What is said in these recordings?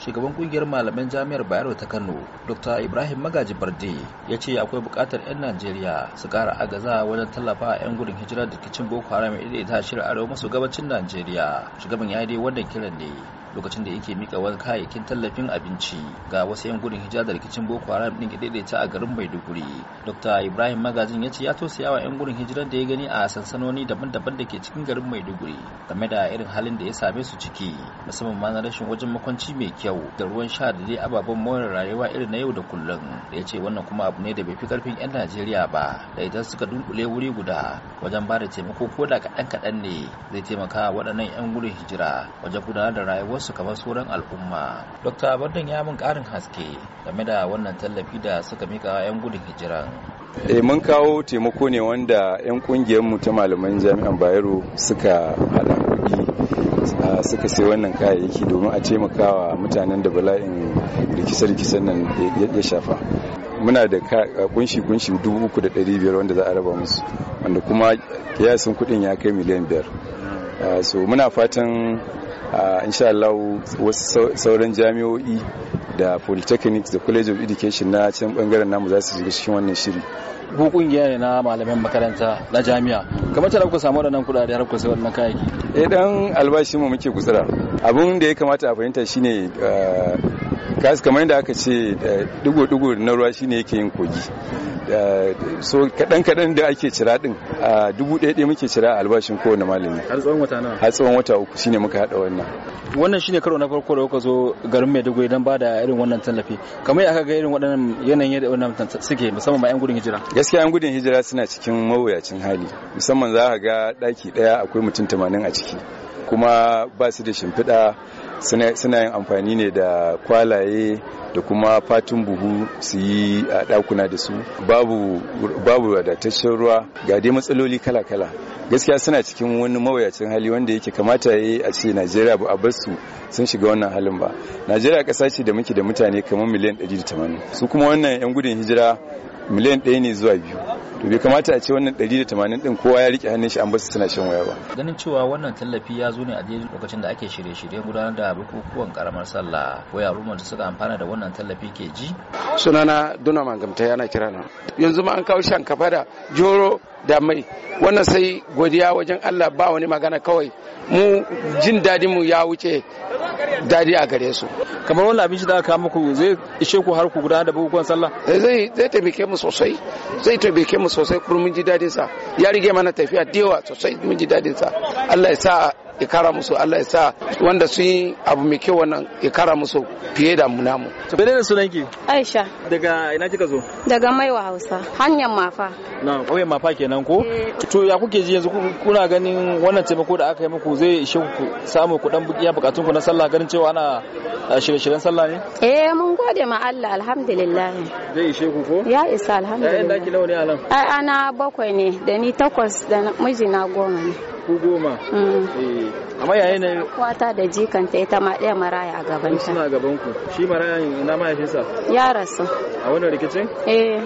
shugaban kungiyar malaman jami'ar bayero ta kano dr ibrahim magaji barde ya ce akwai bukatar 'yan najeriya su kara agaza wajen tallafa a 'yan gudun hijira da kicin boko haram ita a arewa maso gabacin najeriya shugaban ya dai wannan kiran ne lokacin da yake mika wani kayayyakin tallafin abinci ga wasu 'yan gudun hijira da rikicin boko haram din daidaita a garin maiduguri dr ibrahim magazin ya ce ya tausaya wa 'yan gudun hijirar da ya gani a sansanoni daban-daban da ke cikin garin maiduguri game da irin halin da ya same su ciki musamman ma na rashin wajen makwanci mai kyau da ruwan sha da dai ababen more rayuwa irin na yau da kullum da ya ce wannan kuma abu ne da bai fi karfin 'yan najeriya ba da idan suka dunkule wuri guda wajen ba da taimako ko da kaɗan-kaɗan ne zai taimaka waɗannan 'yan gudun hijira wajen gudanar da rayuwar wasu kamar sauran al'umma dr abadon ya mun karin haske game da wannan tallafi da suka mika 'yan gudun hijira e mun kawo taimako ne wanda 'yan kungiyar mu ta malaman jami'an bayero suka hada kuɗi suka sai wannan kayayyaki domin a taimakawa mutanen da bala'in rikice-rikicen nan ya shafa muna da kunshi-kunshi 3,500 wanda za a raba musu wanda kuma kiyasin kudin ya kai miliyan biyar hmm. so muna fatan insha Allah wasu sauran jami'o'i da polytechnics da college of education na can bangaren namu za su shiga cikin wannan shiri ku kungiya ne na malaman makaranta na jami'a kamar tare ku samu waɗannan kuɗaɗe har ku sai wannan kayayyaki eh dan albashin mu muke gutsura abun da ya kamata a fahimta shine eh, gas kamar yadda aka ce eh, dugu digo na ruwa shine yake yin kogi eh, so kadan-kadan da ake cira din a dubu ɗaya ɗaya muke cira a albashin kowane malami har tsawon wata nawa har tsawon wata uku shine muka haɗa wannan wannan shine karo na farko da kuka zo garin Maiduguri don ba da irin wannan tallafi kamar aka ga irin waɗannan yanayin da wannan suke musamman ma yan gudun hijira gaskiya yan gudun hijira suna cikin mawuyacin hali musamman za ka ga ɗaki ɗaya akwai mutum 80 a ciki kuma ba su da shimfiɗa suna yin amfani ne da kwalaye da kuma fatin buhu su yi a dakuna da su babu wadataccen ruwa ga dai matsaloli kala-kala gaskiya suna cikin wani mawuyacin hali wanda yake kamata ya yi a ce Najeriya ba a bar su sun shiga wannan halin ba Najeriya ƙasa ce da muke da mutane kamar miliyan 180 su kuma wannan 'yan gudun hijira miliyan ɗaya ne zuwa biyu to bai kamata a ce wannan 180 din kowa ya rike hannun shi an basu suna shan waya ba ganin cewa wannan tallafi ya zo ne a daidai lokacin da ake shirye shirye gudanar da bukukuwan karamar sallah ko yaruman da suka amfana da wannan tallafi ke ji sunana duna magamta yana kira na yanzu ma an kawo shankafa da joro da mai wannan sai godiya wajen Allah ba wani magana kawai mu jin dadin mu ya wuce daɗi a gare su kamar wani abinci da aka muku zai ishe ku har ku gudanar da bukukuwan sallah eh, zai zai taimake mu sosai zai taimake mu sosai kuma mun ji dadin sa ya rige mana tafiya da yawa sosai mun ji dadin sa Allah ya sa ya kara musu Allah ya sa wanda sun yi abu mai kyau wannan ya kara musu fiye da mu namu. Bene ne sunan ki? Aisha. Daga ina kika zo? Daga Maiwa Hausa. Hanyar Mafa. Na kauyen Mafa kenan ko? Eh. To ya kuke ji yanzu kuna ganin wannan taimako da aka yi muku zai ishe ku samu kuɗin iya bukatun ku na sallah ganin cewa ana shirye-shiryen sallah ne? Eh mun gode ma Allah alhamdulillah. Zai ishe ku ko? Ya isa alhamdulillah. Ya'yan daki nawa ne a nan? Ai ana bakwai ne da ni takwas da mijina goma ne. ku goma mm. eh, amma yayin na Kwata da jikanta ita ma ɗaya maraya a gaban ta suna gaban ku shi maraya na mahaifinsa ya rasu a wannan rikicin eh.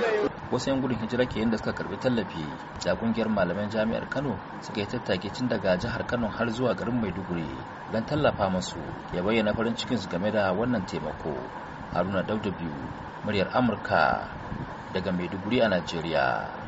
wasu yan gudun hijira ke yadda suka karbi tallafi da kungiyar malaman jami'ar kano suka yi tattaki tun daga jihar kano har zuwa garin maiduguri don tallafa masu ya bayyana farin su game da wannan taimako haruna biyu muryar amurka daga maiduguri a najeriya